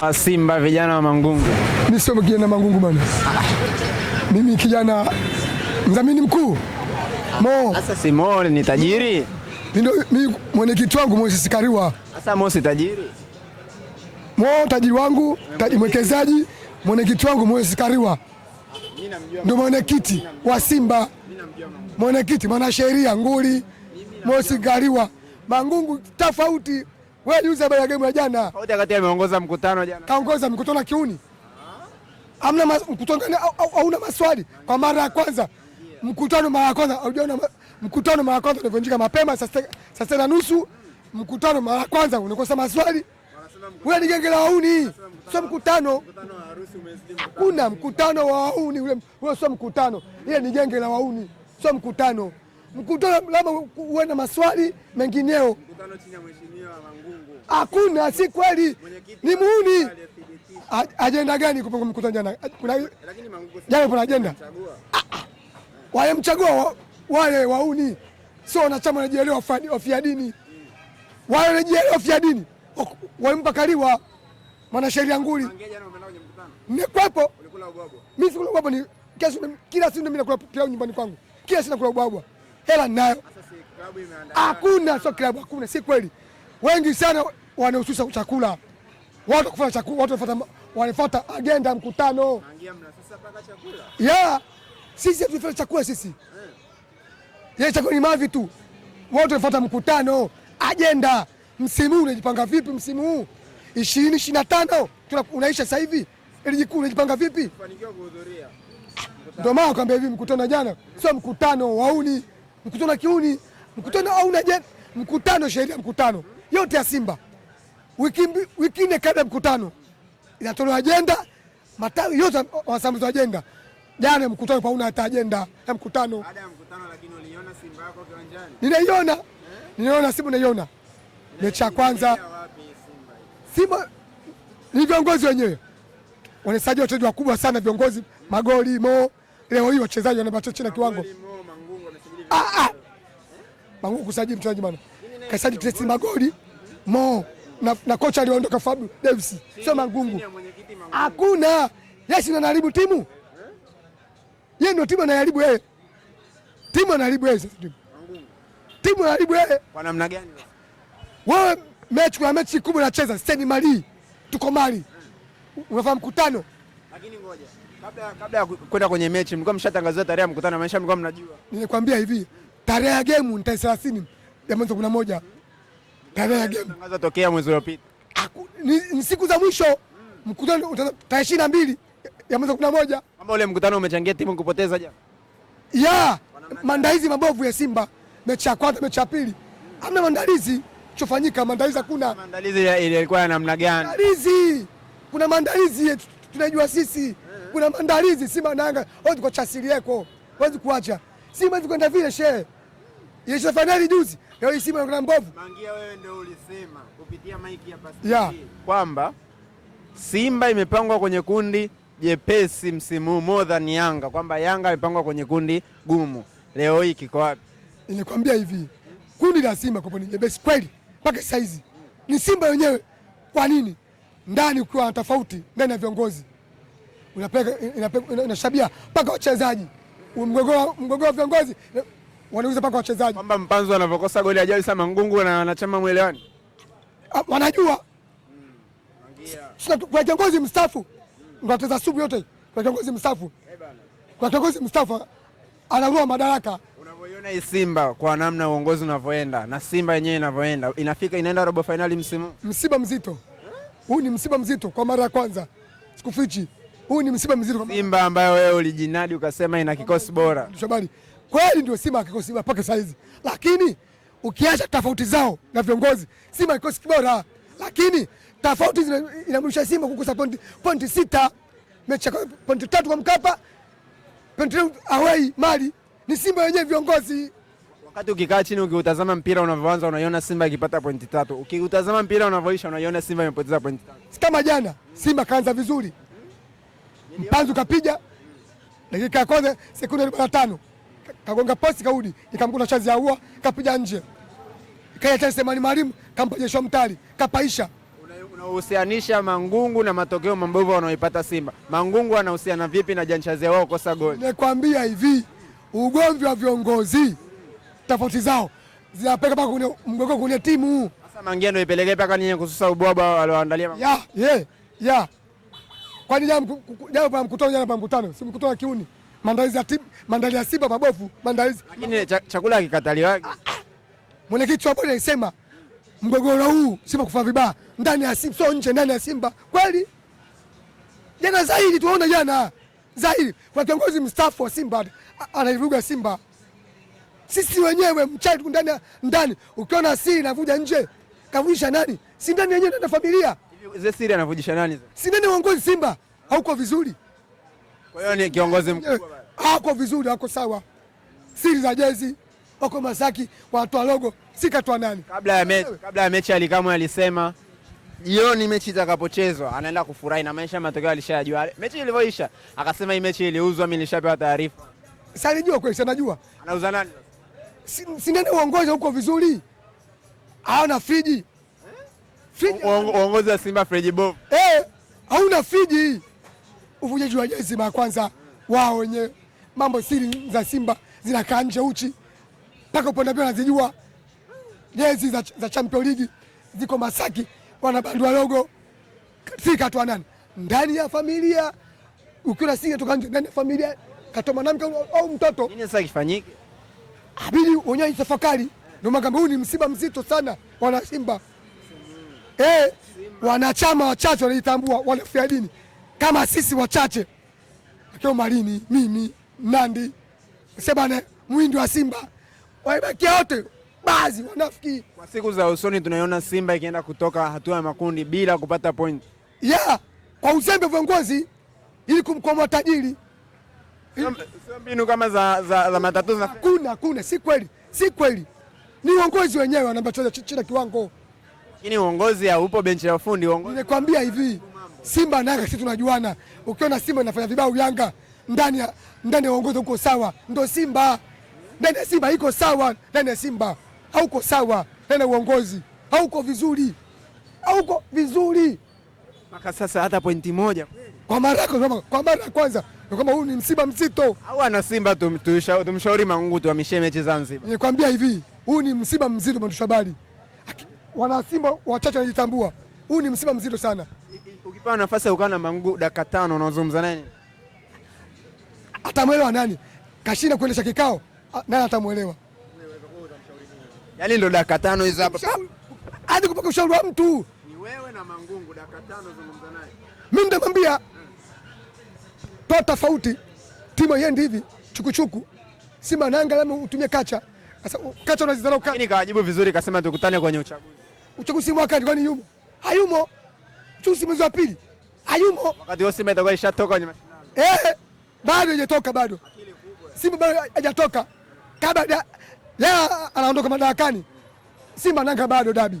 wa ah, Simba vijana wa Mangungu. Mimi sio kijana Mangungu bana Mimi kijana mdhamini mkuu Mo. Sasa si Mo ni tajiri. Ndio mimi mwenyekiti wangu Moses Kariwa. Sasa Mo si tajiri. Mo tajiri wangu, tajiri mwekezaji, mwenyekiti wangu Moses Kariwa. Ndio mwenyekiti wa Simba. Mwenyekiti mwanasheria nguli Moses Kariwa. Mangungu tofauti. Wewe juzi habari ya game ya jana. Hoja kati ameongoza mkutano jana. Kaongoza mkutano kiuni. Hamna mkutano gani hauna maswali kwa mara ya kwanza. Mkutano mara ya kwanza hujaona mkutano mara ya kwanza ulivunjika mapema saa sita na nusu. Mkutano mara ya kwanza unakosa maswali. Wewe ni genge la wauni. Sio mkutano. kuna mkutano wa wauni ule. Wewe sio mkutano. Ile ni genge la wauni. Sio mkutano mkutano labda uwe na maswali mengineo. Hakuna, si kweli, ni muuni. Ajenda gani mkutano jana? Jana kuna ajenda, ah, ah. wamemchagua wale wauni, sio wanachama wanajielewa ofia dini, hmm. wale wanajielewa ofia dini walimpa Kaliwa mwanasheria nguli nikwepo mi sikula ubwabwa, kila siku mimi nakula pilau nyumbani kwangu, kila siku nakula ubwabwa hela ninayo. Hakuna, sio klabu, hakuna, si kweli. Wengi sana wanahususa chakula, watu kufanya chakula, watu wanafuata wanafuata agenda mkutano. ya sisi tunafanya chakula sisi, yeah, chakula ni mavi tu, watu wanafuata mkutano, agenda. Msimu huu unajipanga vipi? Msimu huu ishirini ishirini na tano unaisha sasa hivi, ligi kuu unajipanga vipi? Ndio maana kwambia hivi mkutano jana sio mkutano wauni mkutano wa kiuni, mkutano au na mkutano, sheria mkutano yote ya Simba wiki wiki nne kabla mkutano inatolewa ajenda matawi yote wasambaza ajenda. Jana mkutano pauna hata ajenda ya mkutano. Baada ya mkutano lakini uliona Simba yako kiwanjani? Ninaiona. Eh? Ninaona Simba naiona. Mechi ya kwanza Simba ni viongozi wenyewe. Wanasaji wachezaji wakubwa sana viongozi magoli mo. Leo hii wachezaji wanabatoa chini kiwango ah, ah. Magumu kusaji mchezaji bwana, kasaji tresi magoli mo na, na kocha aliondoka Fabio Davis, sio Mangungu, hakuna yeye anaharibu timu, yeye ndio timu anaharibu yeye, timu anaharibu yeye, sasa timu timu anaharibu yeye kwa namna gani? Wewe mechi kuna mechi kubwa nacheza seni mali tuko mali, unafahamu mkutano, lakini ngoja Kabla kabla ya kwenda kwenye mechi mlikuwa mshatangazia tarehe ya mkutano, maana mlikuwa mnajua. Nilikwambia hivi, tarehe ya game ni tarehe 30 ya mwezi 11. Tarehe ya game tangaza tokea mwezi uliopita. Ni ni siku za mwisho mkutano tarehe 22 ya mwezi 11. Kama ule mkutano umechangia timu kupoteza jana. Ya, maandalizi mabovu ya Simba mechi ya kwanza, mechi ya pili. Hamna maandalizi chofanyika, maandalizi hakuna. Maandalizi ilikuwa ya namna gani? Maandalizi. Kuna maandalizi tunajua sisi kuna maandalizi Simba na Yanga wote kwa chasili yako wezi kuacha Simba hivi kwenda vile shehe ilisha fainali juzi, leo hii Simba kuna mbovu. Mangia, wewe ndio ulisema kupitia maiki ya basi. yeah, kwamba Simba imepangwa kwenye kundi jepesi msimu huu more than Yanga, kwamba Yanga imepangwa kwenye kundi gumu. Leo hii kiko wapi? Nilikwambia hivi kundi la Simba kwa ni jepesi kweli, mpaka saizi ni Simba wenyewe. Kwa nini ndani ukiwa na tofauti ndani ya viongozi inashabia mpaka wachezaji, mgogoro wa viongozi wanauza mpaka wachezaji, kwamba mpanzo anavyokosa goli ajali sana ngungu na wanachama mwelewani, ah, wanajua kwa kiongozi mstaafu ndo ateza subu yote. Kwa kiongozi mstaafu, kwa kiongozi mstaafu anarua madaraka. Unavyoiona hii Simba kwa namna uongozi unavyoenda na Simba yenyewe inavyoenda, inafika inaenda robo fainali msimu, msiba mzito huu. Ni msiba mzito kwa mara ya kwanza, sikufichi huu ni msiba mzito kwa Simba ambayo wewe ulijinadi ukasema ina kikosi bora. Shabani, kweli ndio Simba kikosi bora mpaka saizi, lakini ukiacha tofauti zao na viongozi, Simba kikosi kibora, lakini tofauti inamrusha Simba kukosa pointi, point sita mechi pointi tatu kwa Mkapa, pointi away mali ni Simba wenyewe viongozi. Wakati ukikaa chini ukiutazama mpira unavyoanza unaiona Simba ikipata pointi tatu, ukiutazama mpira unavyoisha unaiona Simba imepoteza pointi tatu. Kama jana Simba kaanza vizuri mpanzu kapija dakika ya kwanza sekunde arobaini na tano kagonga posti kaudi, ikamkuta chazi ya ua kapija nje, kaeta semani mwalimu jeshwa mtali kapaisha. Unahusianisha Mangungu na matokeo mabovu wanaoipata Simba, Mangungu anahusiana vipi na janchazi wao kosa goli? Nikwambia hivi ugomvi wa viongozi, tofauti zao zinapeka mpaka kwenye mgogoro kwenye timu. Sasa mangia ndio ipelekea mpaka ninyi kususa ubwaba walioandalia ya yeah, yeah, yeah. Kwani jana pa mkutano, jana pa mkutano, si mkutano wa kiuni, maandalizi ya timu, maandalizi ya Simba mabofu, maandalizi. Lakini cha, chakula kikataliwa. Ah, ah. Mwenyekiti wa bodi alisema mgogoro huu Simba kufa vibaya ndani ya Simba, sio nje, ndani ya Simba. Kweli jana zaidi tuona jana zaidi kwa kiongozi mstaafu wa Simba anaivuga Simba. Sisi wenyewe mchai tuko ndani ndani, ukiona si inavuja nje, kavujisha nani? Si ndani yenyewe, ndani familia siri anavujisha nani? Si nani uongozi Simba hauko vizuri. Kwa hiyo ni kiongozi mkubwa bado. Eh, hako vizuri, hako sawa. Siri za jezi wako Masaki watoa logo sikatwa nani? Kabla ya mechi, kabla ya mechi alikamwe alisema jioni mechi itakapochezwa anaenda kufurahi na maisha, matokeo alishajua. Mechi ilivyoisha akasema hii mechi iliuzwa, mimi nilishapewa taarifa. Sasa anajua kweli, anajua. Anauza nani? Si nani uongozi huko vizuri? Hawana friji uongozi wa Simba Freji Bovu eh, hauna friji Uvujaji wa jezi mara kwanza wao wenyewe, mambo siri za Simba zinakaa nje uchi mpaka upande pia nazijua. Jezi za, za Champions League ziko Masaki, wanabandua logo si katoa nani ndani ya familia, ukiona si toka nje ndani ya familia, katoa mwanamke au mtoto. Nini sasa kifanyike? Abidi wenyewe itafakari. Ndio maana huyu ni msiba mzito sana wana Simba eh, wanachama wachache wanaitambua wanafia dini kama sisi wachache, akiwa Marini, mimi Nandi sebane mwindi wa Simba waibakia wote baadhi wanafiki. Kwa siku za usoni tunaiona Simba ikienda kutoka hatua ya makundi bila kupata point yeah, kwa uzembe viongozi ili kumkomboa tajiri. Sio mbinu kama za, za, za matatu. Kuna, kuna, si kweli, si kweli, ni uongozi wenyewe wanaambia chini ya kiwango lakini uongozi haupo benchi la ufundi. Uongozi nimekwambia hivi, Simba na Yanga sisi tunajuana. Ukiona Simba inafanya vibao Yanga ndani ya ndani ya uongozi uko sawa, ndio Simba ndani ya Simba iko sawa, ndani ya Simba hauko sawa, ndani ya uongozi hauko vizuri, hauko vizuri mpaka sasa hata pointi moja kwa mara kwa mara ya kwanza kama huyu ni msiba mzito au ana Simba tumshauri Mangungu tuhamishe mechi Zanzibar. Nikwambia hivi, huyu ni msiba mzito mwandishi habari wana Simba wachache wanajitambua. Huu ni msiba mzito sana. Ukipewa nafasi ya kukaa na Mangungu dakika tano unazungumza nani? atamwelewa nani? Kashinda kuendesha kikao, naye atamwelewa. Yaani ndo dakika tano hizo hapa. Hadi kupaka ushauri wa mtu. Ni wewe na Mangungu dakika tano zungumza naye. Mimi nitamwambia toa tofauti timu yendi hivi chukuchuku. Simba nanga labda utumie kacha. Sasa kacha unazidharau. Lakini kawajibu vizuri kasema tukutane kwenye uchaguzi uchaguzi mwakani, kwani yumo? Hayumo. Uchaguzi mwezi wa pili hayumo, wakati wao Simba itakuwa ishatoka kwenye mashindano eh, bado hajatoka bado Simba bado hajatoka, kabla leo anaondoka madarakani. Simba nanga bado dabi,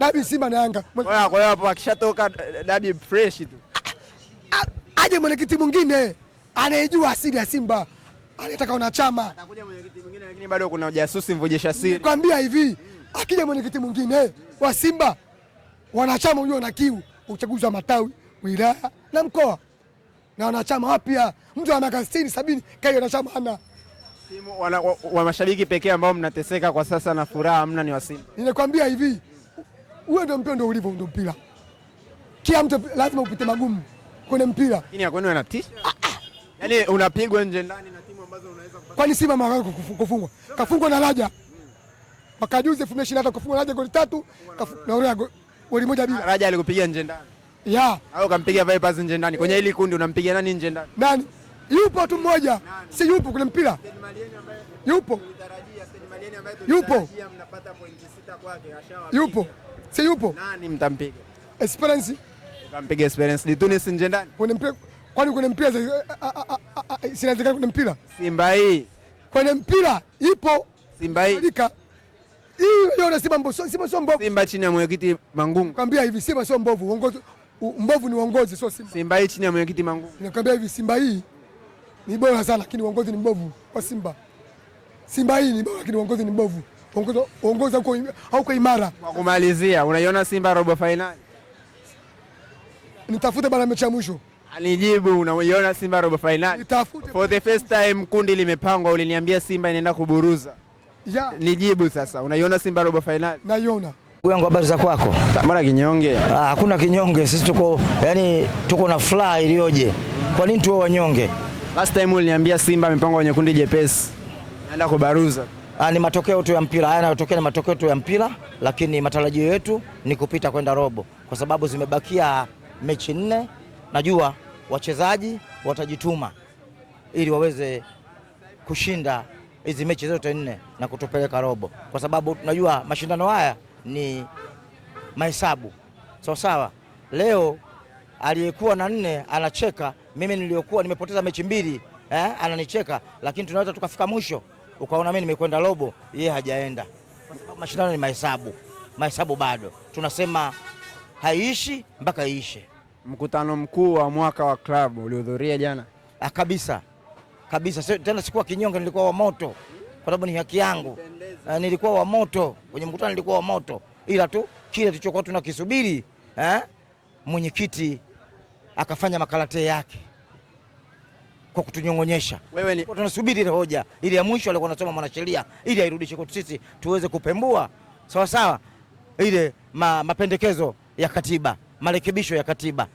dabi Simba na Yanga. Kwa hiyo hapo akishatoka dabi fresh tu, aje mwenyekiti mwingine anayejua asili ya Simba, anataka wanachama, atakuja mwenyekiti mwingine, lakini bado kuna ujasusi, mvujisha siri. Nikwambia hivi akija mwenyekiti mwingine wa Simba, wanachama ujua na kiu uchaguzi wa matawi wilaya na mkoa na wanachama wapya, mtu ana miaka sitini sabini kai wanachama ana wana, wa, wa mashabiki pekee ambao mnateseka kwa sasa na furaha hamna ni wa Simba. Ninakwambia hivi, huyo ndio mpira, ndio ulivyo, ndio mpira. Kila mtu lazima upite magumu kwenye mpira. Lakini ya kwenu yanatisha. Ah, ah. Yaani unapigwa nje ndani na timu ambazo unaweza kupata. Kwani Simba mwaka kufungwa? Kafungwa na Raja mwaka juzi 2023 kafunga Raja goli tatu na goli moja bila. Raja alikupiga nje ndani. Yeah. Au kampiga Vipers nje ndani. Kwenye hili kundi unampiga nani nje ndani? Nani? Yupo tu mmoja. Si yupo kule mpira. Yupo. Yupo. Yupo. Si yupo. Nani mtampiga? Experience Kampiga Experience ni Tunis nje ndani. Kwenye mpira kwani kwenye mpira sinawezekana kwenye mpira. Simba hii. Kwenye mpira ipo. Simba hii. Hii Simba mbovu. Simba sio mbovu. Simba chini ya mwenyekiti Mangungu. Nakwambia hivi Simba sio mbovu. Uongozi mbovu ni uongozi sio Simba. Simba hii chini ya mwenyekiti Mangungu. Nakwambia hivi Simba hii ni bora sana lakini uongozi ni mbovu kwa Simba. Simba hii ni bora lakini uongozi ni mbovu. Uongozi uongozi huko hauko imara. Kwa kumalizia, unaiona Simba robo finali? Nitafute bana mechi ya mwisho. Alijibu, unaiona Simba robo finali? For the first time kundi limepangwa, uliniambia Simba inaenda kuburuza. Yeah. Nijibu sasa, unaiona Simba robo finali? Naiona. Yangu habari za kwako? Mara kinyonge. Ah, hakuna kinyonge, sisi tuko yani tuko na furaha iliyoje. Kwa nini tuwe wanyonge? Last time uliniambia Simba amepangwa kwenye kundi jepesi. Naenda kubaruza. Ah, ni matokeo tu ya mpira. Haya yanayotokea ni matokeo tu ya mpira, lakini matarajio yetu ni kupita kwenda robo kwa sababu zimebakia mechi nne. Najua wachezaji watajituma ili waweze kushinda hizi mechi zote nne na kutupeleka robo, kwa sababu tunajua mashindano haya ni mahesabu So sawa. Leo aliyekuwa na nne anacheka, mimi niliyokuwa nimepoteza mechi mbili eh, ananicheka, lakini tunaweza tukafika mwisho ukaona mimi nimekwenda robo, yeye hajaenda, kwa sababu mashindano ni mahesabu. Mahesabu bado tunasema haiishi mpaka iishe. Mkutano mkuu wa mwaka wa klabu ulihudhuria jana ah, kabisa kabisa, tena sikuwa kinyonge, nilikuwa wa moto kwa sababu ni haki yangu. Uh, nilikuwa wa moto kwenye mkutano, nilikuwa wa moto, ila tu kile tulichokuwa tunakisubiri eh, mwenyekiti akafanya makarate yake kwa kutunyong'onyesha. Wewe ni... tunasubiri ile hoja ile ya mwisho alikuwa anasoma mwanasheria ili airudishe kwetu sisi tuweze kupembua sawa sawa ile ma, mapendekezo ya katiba, marekebisho ya katiba,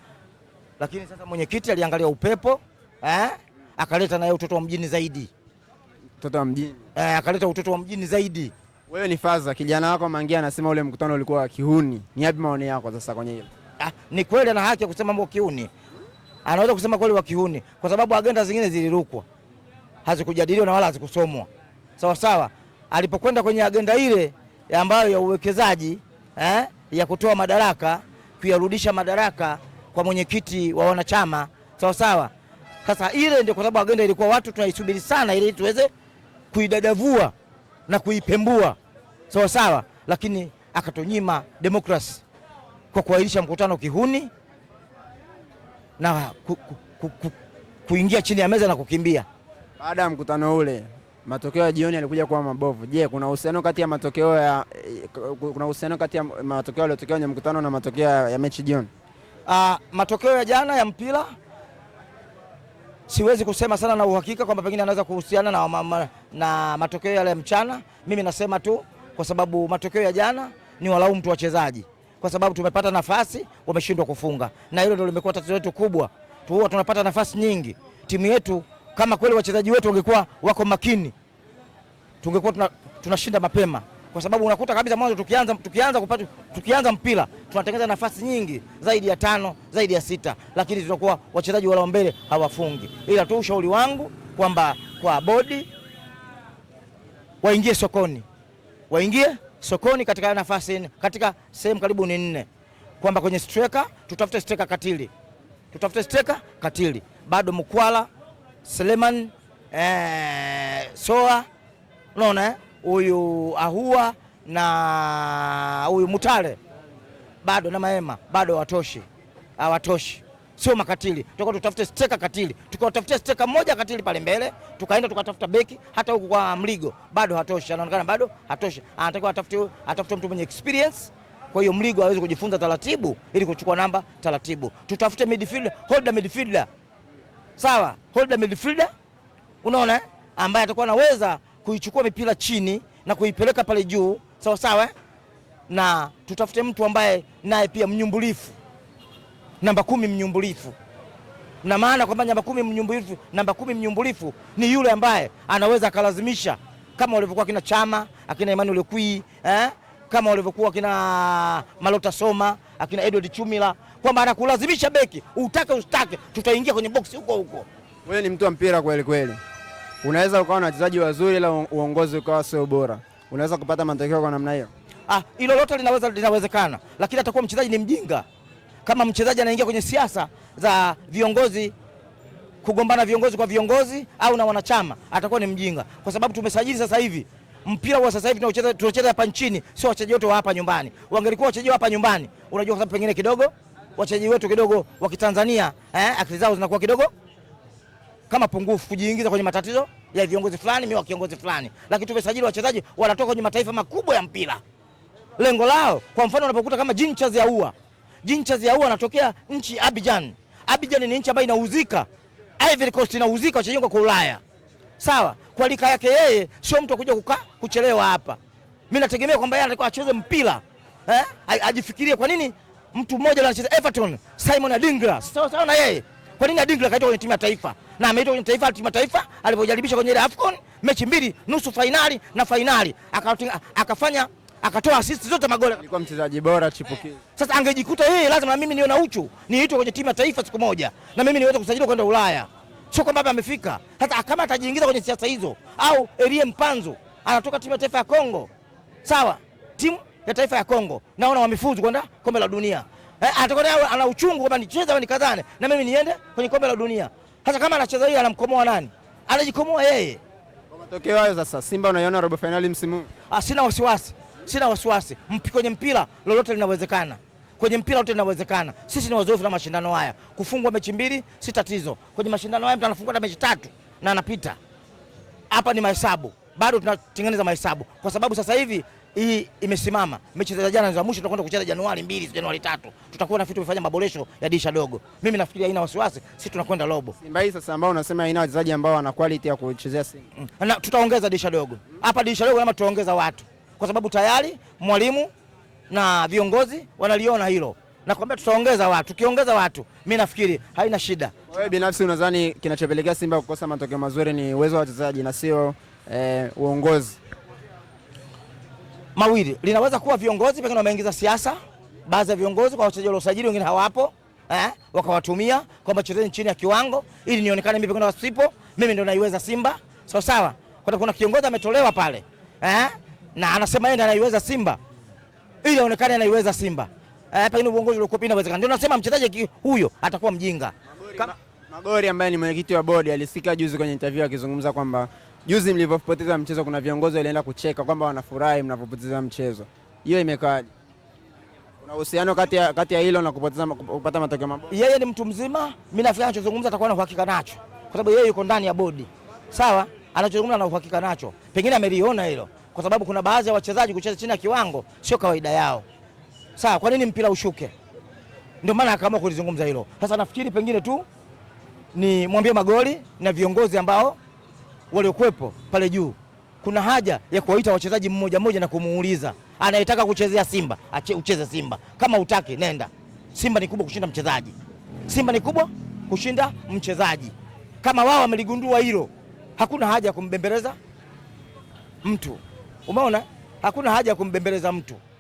lakini sasa mwenyekiti aliangalia upepo eh? akaleta naye utoto wa mjini zaidi, mtoto wa mjini eh, akaleta utoto wa mjini zaidi. Wewe ni faza kijana wako Mangia anasema ule mkutano ulikuwa kihuni, ni yapi maoni yako sasa kwenye hilo? Ah, ni kweli ana haki ya kusema mambo kihuni, anaweza kusema kweli wa kihuni, kwa sababu agenda zingine zilirukwa, hazikujadiliwa na wala hazikusomwa sawa sawa. Alipokwenda kwenye agenda ile ambayo ya uwekezaji eh, ya kutoa madaraka, kuyarudisha madaraka kwa mwenyekiti wa wanachama sawa sawa sasa ile ndio kwa sababu agenda ilikuwa watu tunaisubiri sana, ili tuweze kuidadavua na kuipembua sawa sawa, lakini akatunyima demokrasi kwa kuahirisha mkutano kihuni na ku, ku, ku, ku, kuingia chini ya meza na kukimbia. Baada ya mkutano ule, matokeo ya jioni yalikuja kuwa mabovu. Je, kuna uhusiano kati ya matokeo ya kuna uhusiano kati ya matokeo yaliyotokea kwenye mkutano na matokeo ya mechi jioni? Uh, matokeo ya jana ya mpira siwezi kusema sana na uhakika kwamba pengine anaweza kuhusiana na, ma, na matokeo yale ya mchana. Mimi nasema tu kwa sababu matokeo ya jana ni walaumu tu wachezaji, kwa sababu tumepata nafasi wameshindwa kufunga, na hilo ndio limekuwa tatizo letu kubwa. Huwa tunapata nafasi nyingi timu yetu, kama kweli wachezaji wetu wangekuwa wako makini, tungekuwa tunashinda tuna mapema kwa sababu unakuta kabisa mwanzo tukianza, tukianza, kupata, tukianza mpira tunatengeneza nafasi nyingi zaidi ya tano zaidi ya sita, lakini tunakuwa wachezaji wala mbele hawafungi. Ila tu ushauri wangu kwamba kwa bodi waingie sokoni, waingie sokoni katika nafasi, katika sehemu karibu ni nne, kwamba kwenye striker tutafute striker katili, tutafute striker katili, bado Mkwala Seleman ee, Soa unaona eh? huyu Ahua na huyu Mutale bado na Maema bado watoshi, hawatoshi, sio makatili. Tutakuwa tutafute steka katili, tukawatafutia steka mmoja katili pale mbele, tukaenda tukatafuta beki hata huku kwa Mligo bado hatoshi, anaonekana bado hatoshi, anatakiwa atafute, atafute mtu mwenye experience. Kwa hiyo Mligo aweze kujifunza taratibu ili kuchukua namba taratibu. Tutafute midfielder, holder midfielder, sawa, holder midfielder, unaona eh? ambaye atakuwa anaweza kuichukua mipira chini na kuipeleka pale juu sawa sawa, na tutafute mtu ambaye naye pia mnyumbulifu, namba kumi mnyumbulifu, na maana kwamba namba kumi mnyumbulifu, namba kumi mnyumbulifu ni yule ambaye anaweza akalazimisha kama walivyokuwa kina Chama akina Emmanuel Kui eh? kama walivyokuwa kina Malota Soma akina Edward Chumila kwamba anakulazimisha beki, utake usitake, tutaingia kwenye boksi huko huko. Wewe ni mtu wa mpira kweli kweli unaweza ukawa na wachezaji wazuri, ila uongozi ukawa sio bora, unaweza kupata matokeo kwa namna hiyo. Ah, hilo lote linaweza linawezekana, lakini atakuwa mchezaji ni mjinga. Kama mchezaji anaingia kwenye siasa za viongozi kugombana viongozi kwa viongozi au na wanachama, atakuwa ni mjinga, kwa sababu tumesajili sasa hivi mpira wa sasa hivi tunacheza tunacheza hapa nchini, sio wachezaji wote wa hapa nyumbani. Wangelikuwa wachezaji wa hapa nyumbani, unajua, kwa sababu pengine kidogo wachezaji wetu kidogo wa Kitanzania eh, akili zao zinakuwa kidogo kama pungufu kujiingiza kwenye matatizo ya viongozi fulani, mimi wa kiongozi fulani, lakini tumesajili wachezaji wanatoka kwenye mataifa makubwa ya mpira. Lengo lao kwa mfano, unapokuta kama Jinchaz ya ua Jinchaz ya ua anatokea nchi Abidjan. Abidjan ni nchi ambayo inauzika, Ivory Coast inauzika wachezaji kwa Ulaya, sawa. Kwa lika yake yeye sio mtu akuja kukaa kuchelewa hapa. Mimi nategemea kwamba yeye anatakiwa acheze mpira eh, ajifikirie kwa nini mtu mmoja anacheza Everton, Simon Adingra sawa sawa na yeye. Kwa nini Adingra kaitwa kwenye timu ya taifa? na ameitwa kwenye taifa timu taifa, alipojaribisha kwenye ile AFCON mechi mbili nusu fainali na fainali akafanya akatoa assist zote magoli. Alikuwa mchezaji bora chipukizi. Eh, sasa angejikuta yeye lazima na mimi niwe na uchu niitwe kwenye timu ya taifa siku moja na mimi niweze kusajiliwa kwenda Ulaya. Sio kwamba amefika. Hata kama atajiingiza kwenye siasa hizo au Elie Mpanzu anatoka timu ya taifa ya Kongo. Sawa? Timu ya taifa ya Kongo. Naona wamefuzu kwenda kombe la dunia. Eh, atakwenda ana uchungu kwamba nicheze au nikadhane na mimi niende kwenye kombe la dunia. Hata kama anacheza yeye anamkomoa nani? Anajikomoa yeye. Kwa matokeo hayo sasa Simba unaiona robo finali msimu Ah, sina wasiwasi. Sina wasiwasi. Mpi kwenye mpira lolote linawezekana. Kwenye mpira lolote linawezekana. Sisi ni wazoefu na mashindano haya. Kufungwa mechi mbili si tatizo. Kwenye mashindano haya mtu anafungwa na mechi tatu na anapita. Hapa ni mahesabu. Bado tunatengeneza mahesabu kwa sababu sasa hivi hii imesimama. Mechi za jana za mwisho tutakwenda kucheza Januari mbili, Januari tatu, tutakuwa na vitu vifanya maboresho ya dirisha dogo. Mimi nafikiri haina wasiwasi, sisi tunakwenda robo. Simba hii sasa, ambao unasema haina wachezaji ambao wana quality ya kuchezea Simba, mm. na tutaongeza dirisha dogo hapa. Dirisha dogo ama tutaongeza watu, kwa sababu tayari mwalimu na viongozi wanaliona hilo, nakwambia tutaongeza watu. Tukiongeza watu, mimi nafikiri haina shida. Wewe binafsi unadhani kinachopelekea Simba kukosa matokeo mazuri ni uwezo wa wachezaji na sio eh, uongozi? mawili, linaweza kuwa viongozi pengine wameingiza siasa, baadhi ya viongozi kwa wachezaji waliosajili wengine hawapo eh, wakawatumia kwamba chezeni chini ya kiwango ili nionekane mimi pengine wasipo mimi ndo naiweza Simba sawa sawa. Kuna kuna kiongozi ametolewa pale eh, na anasema yeye anaiweza Simba ili aonekane anaiweza Simba eh, pengine uongozi uliokuwa pina inawezekana. Ndio nasema mchezaji huyo atakuwa mjinga. Magori ambaye ni mwenyekiti wa bodi alisikia juzi kwenye interview akizungumza kwamba Juzi mlivyopoteza mchezo, kuna viongozi walienda kucheka kwamba wanafurahi mnavyopoteza mchezo. Hiyo imekaaje? Kuna uhusiano kati ya kati ya hilo na kupoteza kupata matokeo mabaya? Yeye ni mtu mzima, mimi nafikiri anachozungumza atakuwa na uhakika nacho, kwa sababu yeye yuko ndani ya bodi. Sawa, anachozungumza na uhakika nacho, pengine ameliona hilo, kwa sababu kuna baadhi ya wachezaji kucheza chini ya kiwango sio kawaida yao. Sawa, kwa nini mpira ushuke? Ndio maana akaamua kulizungumza hilo. Sasa nafikiri pengine tu ni mwambie magoli na viongozi ambao waliokuwepo pale juu, kuna haja ya kuwaita wachezaji mmoja mmoja na kumuuliza anayetaka kuchezea Simba ache, ucheze Simba kama utaki nenda. Simba ni kubwa kushinda mchezaji, Simba ni kubwa kushinda mchezaji. Kama wao wameligundua hilo, hakuna haja ya kumbembeleza mtu. Umeona, hakuna haja ya kumbembeleza mtu.